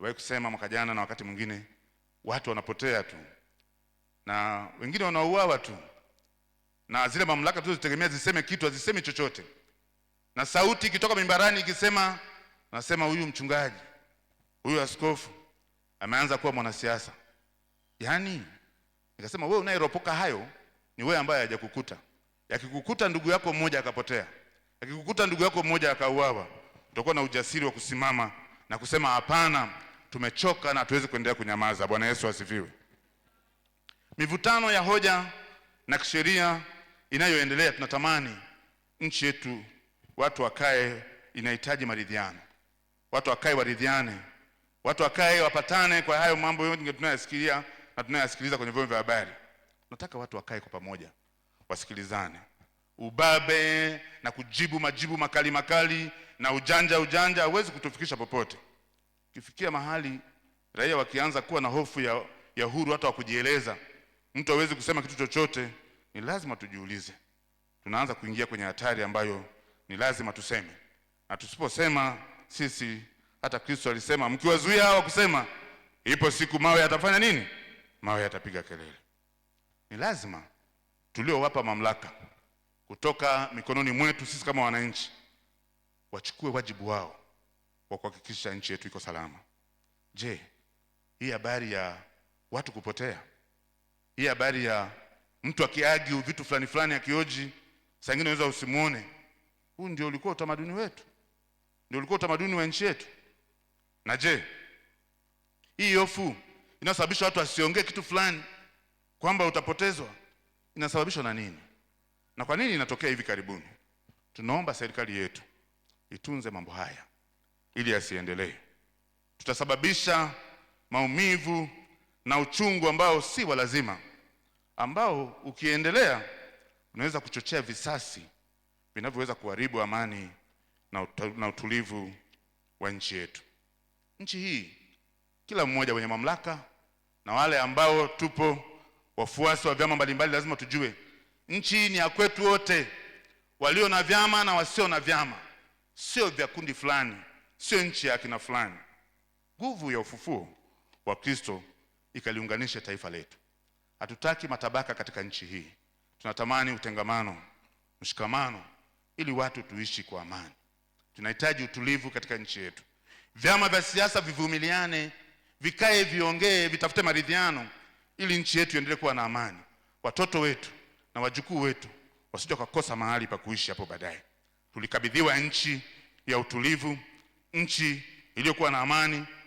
Niliwahi kusema mwaka jana na wakati mwingine, watu wanapotea tu na wengine wanauawa tu, na zile mamlaka tulizozitegemea ziseme kitu hazisemi chochote, na sauti ikitoka mimbarani ikisema, nasema huyu mchungaji, huyu askofu ameanza kuwa mwanasiasa. Yaani nikasema wewe unayeropoka hayo ni wewe ambaye hajakukuta. Yakikukuta ndugu yako mmoja akapotea, yakikukuta ndugu yako mmoja akauawa, utakuwa na ujasiri wa kusimama na kusema hapana, tumechoka na hatuwezi kuendelea kunyamaza. Bwana Yesu asifiwe. Mivutano ya hoja na kisheria inayoendelea, tunatamani nchi yetu watu wakae, inahitaji maridhiano, watu wakae waridhiane, watu wakae wapatane. Kwa hayo mambo yote tunayasikia na tunayasikiliza kwenye vyombo vya habari, nataka watu wakae kwa pamoja, wasikilizane. Ubabe na kujibu majibu makali makali na ujanja ujanja hauwezi kutufikisha popote. Ukifikia mahali raia wakianza kuwa na hofu ya, ya huru hata wa kujieleza, mtu hawezi kusema kitu chochote, ni lazima tujiulize, tunaanza kuingia kwenye hatari ambayo ni lazima tuseme, na tusiposema sisi, hata Kristo alisema mkiwazuia hawa kusema, ipo siku mawe yatafanya nini? Mawe yatapiga kelele. Ni lazima tuliowapa mamlaka kutoka mikononi mwetu sisi kama wananchi wachukue wajibu wao wa kuhakikisha nchi yetu iko salama. Je, hii habari ya watu kupotea, hii habari ya mtu akiagi vitu fulani fulani akioji, saa ingine unaweza usimuone. Huu ndio ulikuwa utamaduni wetu, ndio ulikuwa utamaduni wa nchi yetu. Na je, hii hofu inasababisha watu asiongee kitu fulani kwamba utapotezwa inasababishwa na nini, na kwa nini inatokea hivi karibuni? Tunaomba serikali yetu itunze mambo haya ili asiendelee. Tutasababisha maumivu na uchungu ambao si wa lazima, ambao ukiendelea unaweza kuchochea visasi vinavyoweza kuharibu amani na utulivu wa nchi yetu. Nchi hii kila mmoja wenye mamlaka na wale ambao tupo wafuasi wa vyama mbalimbali, lazima tujue nchi hii ni ya kwetu wote, walio na vyama na wasio na vyama, sio vya kundi fulani sio nchi ya akina fulani. Nguvu ya ufufuo wa Kristo ikaliunganisha taifa letu. Hatutaki matabaka katika nchi hii, tunatamani utengamano, mshikamano, ili watu tuishi kwa amani. Tunahitaji utulivu katika nchi yetu. Vyama vya siasa vivumiliane, vikae, viongee, vitafute maridhiano, ili nchi yetu iendelee kuwa na amani. Watoto wetu na wajukuu wetu wasije wakakosa mahali pa kuishi hapo baadaye. Tulikabidhiwa nchi ya utulivu nchi iliyokuwa na amani,